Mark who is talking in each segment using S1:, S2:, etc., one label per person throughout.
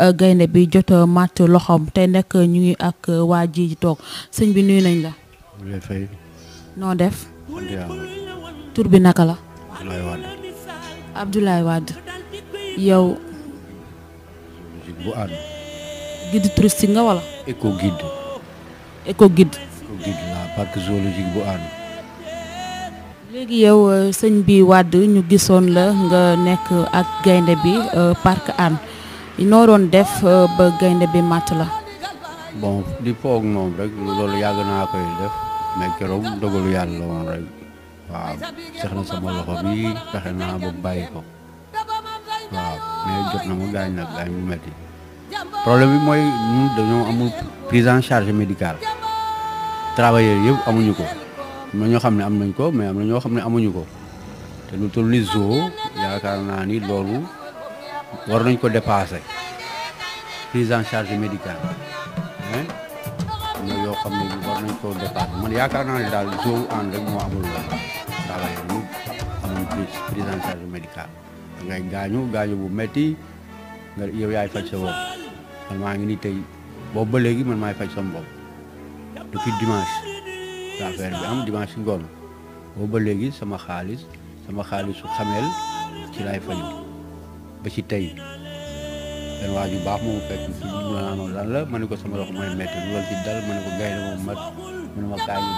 S1: Euh, gaynde bi jot a màtt loxoom tey nekk ñu ak waa ji toog sëñ bi nuyu nañ la. noo def.
S2: tur bi naka la. Abdoulaye Wade.
S1: Abdoulaye Wade yow.
S2: nga wala. éco guide. éco guide. éco zoologique bu ànd.
S1: léegi yow euh, sëñ bi Wade ñu gisoon la nga nekk ak gaynde bi euh, parc Hann. noo doon def euh, ba gaynde bi màtt la.
S2: bon di foog moom rek loolu yàgg naa koy def mais keroog dogalu yàlla la rek waaw seex sama loxo bi fexe naa ba bàyyi ko jot na mu gaañ nag gaañ bu metti problème bi mooy ñun dañoo amul prise en médical médicale travailleurs yëpp amuñu ko am na ñoo xam ne am nañ ko mais am na ñoo xam ne amuñu ko te lu toll ni zoo yaakaar naa ni loolu. war nañ ko dépasser prise en charge médicale mais yoo xam ne war nañ koo dépasser man yaakaar naa ne daal zoo ànd rek moo amul loolu daal gaañu gaañu bu metti yow yaay faj sa ngi ni tey boobu ba léegi man maay faj sama bopp depuis dimanche la bi am dimanche ngoon boobu ba léegi sama xaalis sama xaalisu xamel ci laay faju ba ci tey benn waa ju baax moo fekk mu ne lan la ma ne ko sama loxo mooy métti loolu ci dal ma ne ko gay na moom mat mu ne ma kaay ñu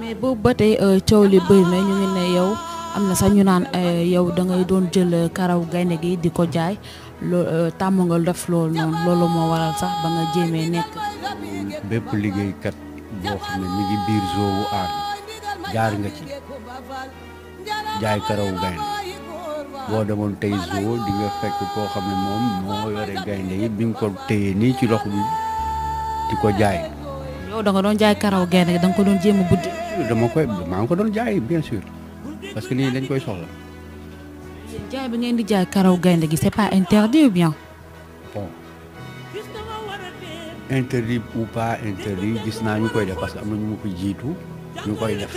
S1: mais boobu ba tey euh, coow li bëri na ñu ngi ne yow am na sax ñu naan euh, yow da ngay doon jël euh, karaw gaynde gi di ko jaay loo tàmm nga def loolu noonu loolu moo waral sax ba nga jéemee
S2: nekk. bépp liggéeykat boo xam ne mi ngi biir zoo aar jaar nga ci. jaay karaw gaynde boo demoon tey zoo di nga fekk koo xam ne moom moo yore gaynde yi bi nga ko téye nii ci loxo bi di ko jaay.
S1: yow da doon jaay karaw gaynde gi nga ko doon jéem a
S2: dama koy maa ngi ko doon jaay bien sûr parce que nii dañ koy soxla.
S1: jaay bi ngeen di jaay karaw gaynde gi c'est pas interdit ou bien.
S2: bon interdit ou pas interdit gis naa ñu koy def parce que am na ñu ma ko jiitu ñu koy def.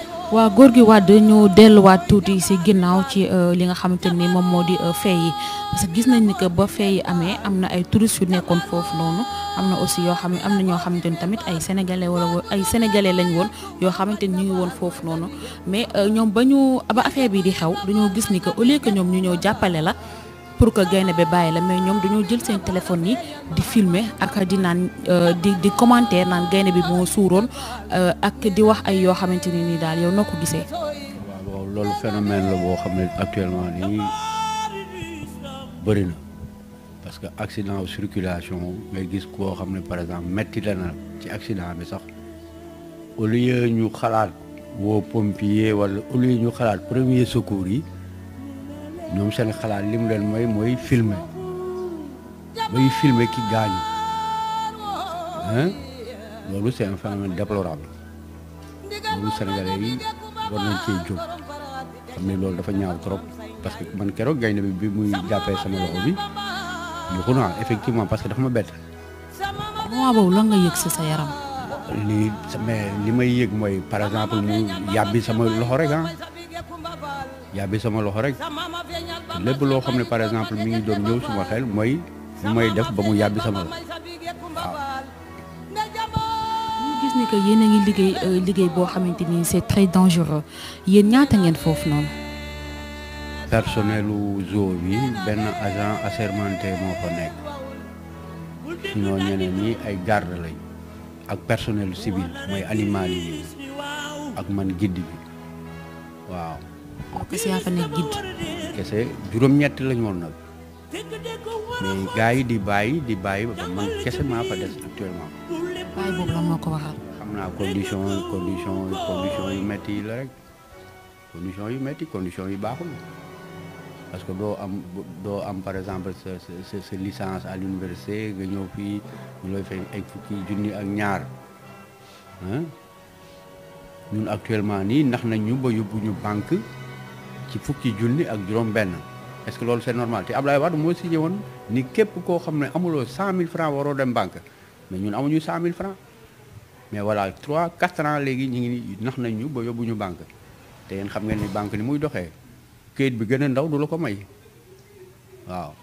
S1: waa góor gi Wade ñu delluwaat tuuti si ginnaaw ci euh, li nga xamante ni moom moo di euh, fee yi parce que gis nañ ni que ba fee yi amee am na ay touristes yu nekkoon foofu noonu am na aussi yoo xam ne am na ñoo xamante ni tamit ay sénégalais wala ay sénégalais lañ woon yoo xamante ni ñu ngi woon foofu noonu mais euh, ñoom ba ñu ba affaire bi di xew dañoo gis ni que au lieu que ñoom ñu ñëw jàppale la. pour que gaynde bi bàyyi la mais nous dañoo jël seen téléphone yi di filmer ak di naan euh, di di commentaire naan gaynde bi moo suuroon euh, ak di wax ay yoo xamante ni daal yow noo ko waaw
S2: loolu phénomène la boo xam actuellement ni bëri na parce que accident circulation ngay gis koo xam par exemple métti la na ci accident mais sax au lieu ñu xalaat aux pompier wala au lieu ñu xalaat premier secours yi. ñoom seen xalaat li mu leen mooy mooy filmer bay filmer ki gaañu ah loolu c'est un phénomène déplorable loolu Sénégalais yi war nañ cee jóg xam ne loolu dafa ñaaw trop parce que man keroog gaynde bi bi muy jàppee sama loxo bi yuxu effectivement parce que dafa ma bett.
S1: moment boobu lan nga yëg si sa yaram.
S2: li mais li may yëg mooy par exemple mu yàbbi sama loxo rek ah. yàbbi sama loxo rek lepp lo xam par exemple mi ngi doon ñew suma xel moy lu may def ba mu yàbbi sama ñu
S1: gis ni que yéen ngi liggéey euh, liggéey bo xamanteni c'est très dangereux yéen ñaata ngeen foofu noonu.
S2: personnelu zoo bi ben agent assermenté moko nek ñoo sinon ñeneen ñi ay garde lañ ak personnel civil moy animal yi ak man gidd bi waaw.
S1: kese yaa fa nekk gidd.
S2: kese juróom-ñetti lañu nag mais gars yi di bàyyi di bàyyi ba man kese maa fa des actuellement.
S1: bàyyi boobu
S2: naa condition condition condition yu yu métti condition yu baaxul parce que doo am doo am par exemple sa sa sa licence à l'université nga ñëw fii ñu lay fay ay fukki junni ak ñaar ñun actuellement nii ndax nañ ñu ba yóbbu ñu banque. ci fukki junni ak juróom-benn est-ce que loolu c'est normal te Ablaye Wade moo signé woon ni képp koo xam ne amuloo 100000 francs waroo dem banque mais ñun amuñu 100000 francs mais voilà 3 4 ans léegi ñu ngi nax nañ ñu ba yóbbuñu banque te yéen xam ngeen ni banque ni muy doxee këyit bi gën a ndaw du la ko may waaw.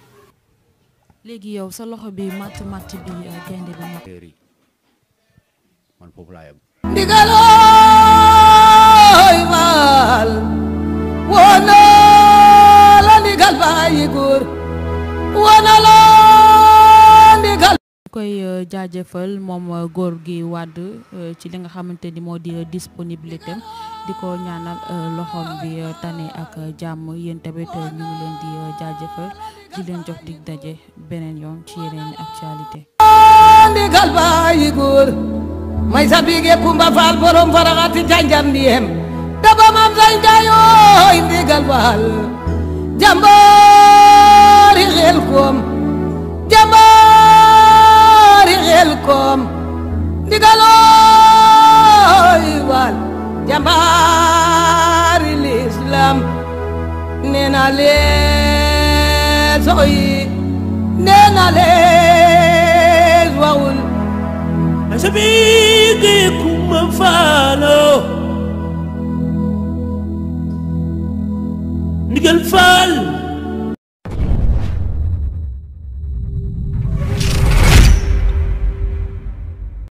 S1: léegi yow sa loxo bi matt matt bi
S2: euh, gaynde bi
S1: man foofu laa yem. ndigalooy maal. wana la ndigal bàyyi góor wana la ndigal koy euh, jaajëfal moom euh, góor gi wàdd euh, ci li nga xamante ni moo di disponibilité di ko ñaanal loxoom bi tane ak jàmm yéen tamit ñu ngi leen di jaajëfal di leen jox dig daje beneen yoon ci yeneen actualité ndigal te ba maam say njaayooy ndigal baal jambaari xel koom jambaari xel koom ndigalooy baal jambaari lislaam nee na
S2: lees soxyi nee na lees wawul a sabiigi kumba faal qu'elle fallent.